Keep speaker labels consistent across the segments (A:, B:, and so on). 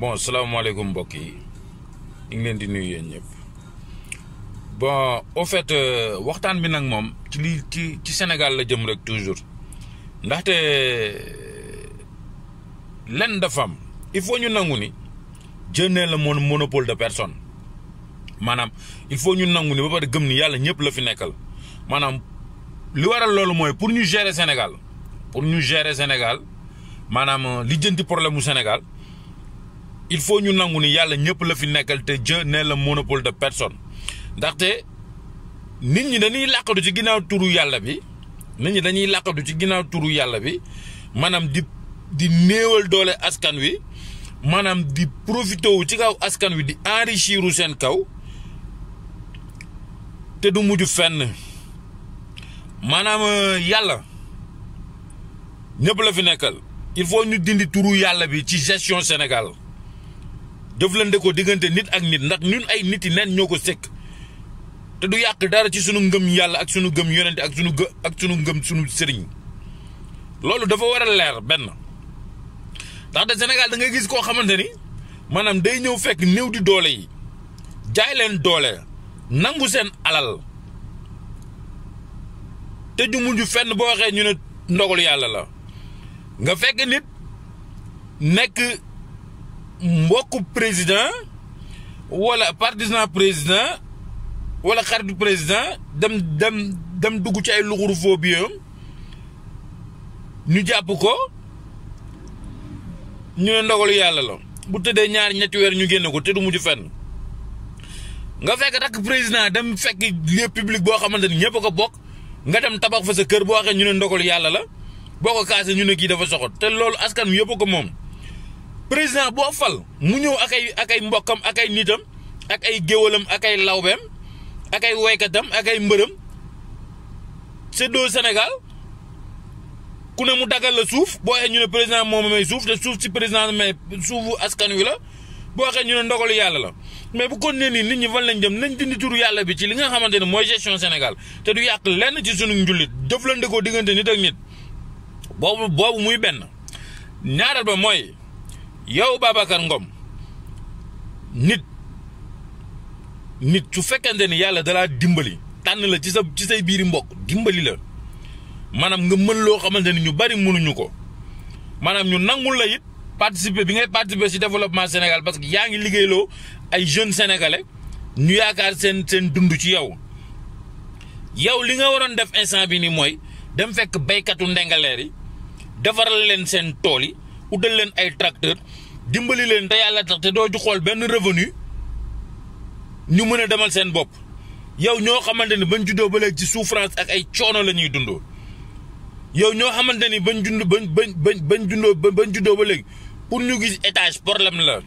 A: bon salam alaykum boki ngi bon au fait je euh, bi ci Sénégal toujours euh, il faut le monopole de personne Manam, il faut que nous ba gëm ni nous la pour ñu gérer Sénégal pour ñu gérer Sénégal madame euh, li problème Sénégal il faut que nous ni la fi nekkal le monopole de personne ndaxte nit ñi dañuy laqatu ci Nous turu yalla bi nit ñi dañuy laqatu ci ginnaaw turu yalla bi manam di di neewal doole askan wi nous di profité ci kaw askan wi di seen kaw te du fenn euh, la fi nekkal il faut ñu dindi turu yàlla bi ci gestion Sénégal jëflante ko digante nit ak nit ndax ñun ay nit yi neen ñoko ko sekk te du yak dara ci sunu ngëm yalla ak sunu ngëm yonente ak sunu ak sunu ngëm sunu sëriñ loolu dafa war leer ben ndax da Sénégal da ngay gis ko xamante ni day ñëw fekk di doole yi jaay leen doole nangu seen alal te du mujj fenn boo waxee ñu ne ndogul yàlla la nga fekk nit nekk. mbokku président wala partisan président wala xaritu président dem dem dem dugg ci ay luxuru ñu jàpp ko ñu ne ndogalu yàlla la bu dee ñaari ñetti weer ñu génne ko te du mujj fenn nga fekk takk président dem fekk lieu public boo xamante ni ñëpp a bokk nga dem tabax fa sa kër boo waxee ñu ne ndogalu yàlla la boo ko kaasee ñu ne kii dafa soxot te loolu askan wi yëpp ko moom. président boo fal mu ñëw ak ay ak ay mbokkam ak ay nitam ak ay géwalam ak ay lawbeem ak ay woykatam ak ay mbërëm séddoo Sénégal ku ne mu daggal la suuf boo waxee ñu ne président moom may suuf te suuf si président may suufu askan wi la boo waxee ñu ne ndogalu yàlla la mais bu kon ne nii nit ñi fan lañ jëm nañ dindi turu yàlla bi ci li nga xamante ne mooy gestion Sénégal te du yàq lenn ci sunu njullit jëflante ko diggante nit ak nit boobu boobu muy benn ñaareel ba mooy yow Babacar Ngom nit nit su fekkente ni yàlla dalaa dimbali tànn la ci sa ci say biir mbokk dimbali la maanaam nga mën loo xamante ni ñu bari munuñu ko maanaam ñu nangul la it participer bi ngay participer si développement Sénégal parce que yaa ngi liggéeyloo ay jeunes sénégalais ñu yaakaar seen seen dund ci yow yow li nga waroon def instant bi nii mooy dem fekk baykatu ndengaleer yi defaral leen seen tool yi uddal leen ay tracteur dimbali leen te yàlla tax te doo ju xool benn revenu ñu mën a demal seen bopp yow ñoo xamante ni bañ juddoo ba léegi ci souffrance ak ay coono la ñuy dundoo yow ñoo xamante ni bañ jund bañ bañ bañ bañ bañ juddoo ba léegi pour ñu gis étage problème la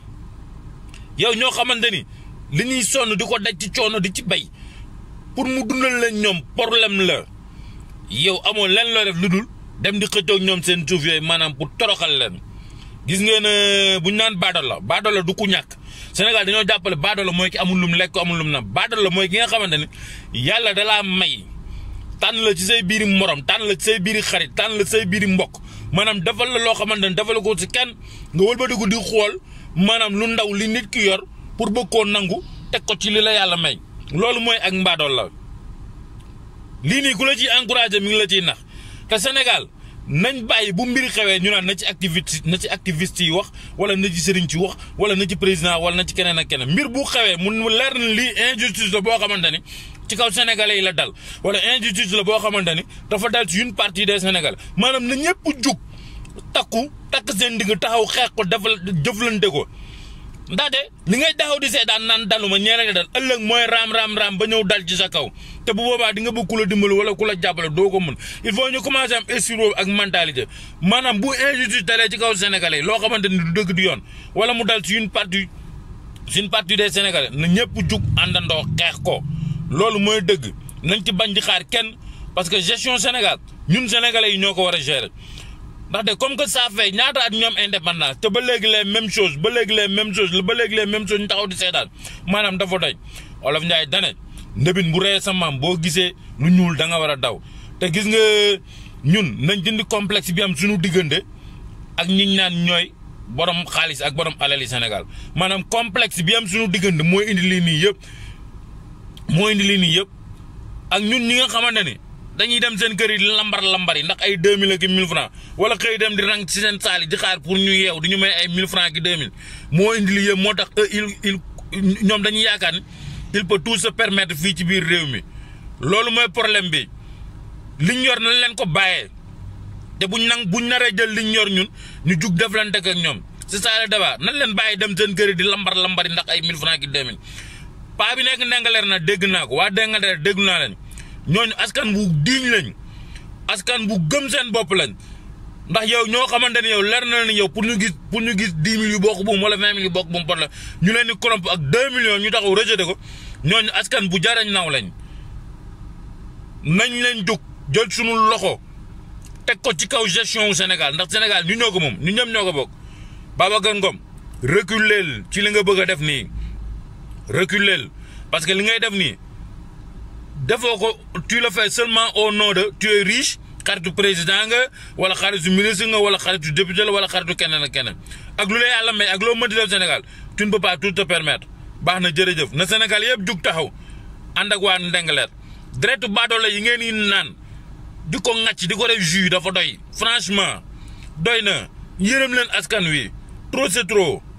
A: yow ñoo xamante ni li ñuy sonn di ko daj ci coono di ci bay pour mu dundal leen ñoom problème la yow amoon leen loo def lu dul dem di xëccoog ñoom seen suuf yooyu maanaam pour toroxal leen gis ngeen euh, bu ñu naan baadoolo baadoolo du ku ñàkk Sénégal dañoo jàppale baadoolo mooy ki amul lum lekk amul lum na baadoolo mooy ki nga xamante ne yàlla dalaa may tànn la ci say biiri morom tànn la ci say biiri xarit tànn la ci say biir mbokk maanaam defal la loo xamante ne defal ko ci kenn nga wëlbatiku di xool maanaam lu ndaw li nit ki yor pour bëgg koo nangu teg ko ci li la yàlla may loolu mooy ak mbaadool la lii nii ku la ciy encouragé mi ngi la ci nax te Sénégal nañ bàyyi bu mbir xewee ñu naan na ci activité na ci activiste yi wax wala na ci sëriñ ci wax wala na ci président wala na ci keneen ak keneen mbir bu xewee mu leer na lii injustice la boo xamante ni ci kaw sénégalais yi la dal wala injustice la boo xamante ni dafa dal ci une partie des sénégalais maanaam na ñëpp jug takku takk seen digg taxaw xeex ko defal jëflante ko ndaxte li ngay taxaw di seetaan naan daluma ñeene la dal ëllëg mooy raam raam raam ba ñëw dal ci sa kaw te bu boobaa di nga bëgg ku dimbali wala ku la jàppale doo ko mën il faut ñu commencé am esprit ak mentalité maanaam bu injustice dalee ci kaw Sénégalais loo xamante ni du dëgg du yoon wala mu dal ci une partie une partie des Sénégalais na ñëpp jug àndandoo xeex ko loolu mooy dëgg nañ ci bañ di xaar kenn parce que gestion Sénégal ñun sénégalais yi ñoo ko war a gérer. ndaxte comme que ça fait ñaata at ñoom indépendance te ba léegi les même chose ba léegi les même chose ba léegi les même chose ñu taxaw di seetaan maanaam dafa olof Ndiaye dane ndëbin bu ree sa maam boo gisee lu ñuul danga nga war a daw te gis nga ñun nañ jënd complexe bi am suñu diggante ak ñi naan ñooy borom xaalis ak borom alali Sénégal maanaam complexe bi am suñu diggante mooy indi lii nii yëpp mooy indi lii nii yëpp ak ñun ñi nga xamante ni dañuy dem seen kër di lambar lambar yi ndax ay 2000 ak i 1000 francs wala xëy dem di rang ci seen saal yi di xaar pour ñu yeew di ñu may ay 1000 francs ki 2000 moo indi li yëpp moo tax il il ñoom dañuy yaakaar ni il peut tout se permettre fii ci biir réew mi loolu mooy problème bi liñ yor na leen ko bàyyee te buñ nang buñ naree jël liñ yor ñun ñu jug def lan ak ñoom c'est ça le débat nan leen bàyyi dem seen kër di lambar lambari yi ndax ay 1000 francs ki 2000 paa bi nekk Ndingler na dégg naa ko waa Ndingler dégg naa leen. ñooñu askan bu diñ lañ askan bu gëm seen bopp lañ ndax yow ñoo xamante ne yow leer na leen yow pour ñu gis pour ñu gis dix mille yu bokk buum wala vingt yu bokk buum por la ñu leen di corrompre ak deux millions ñu taxaw rejeté ko ñooñu askan bu jarañ naw lañ nañ leen jóg jël sunu loxo teg ko ci kaw gestion wu Sénégal ndax Sénégal ñu ñoo ko moom ñu ñoom ñoo ko bokk Babacar Ngom reculeel ci li nga bëgg a def nii reculeel parce que li ngay def nii. defoo ko tu le fais seulement au nom de tu es riche xaritu président nga wala xaritu ministre nga wala xaritu député la wala xaritu keneen ak keneen ak lu la yàlla may ak loo mën def Sénégal tu ne peux pas tout te permettre baax na jërëjëf na Sénégal yëpp jug taxaw ànd ak waa Ndengler deretu baadoola yi ngeen di naan di ko ŋàcc di ko def jus dafa doy franchement doy na yërëm leen askan wi trop c'est trop.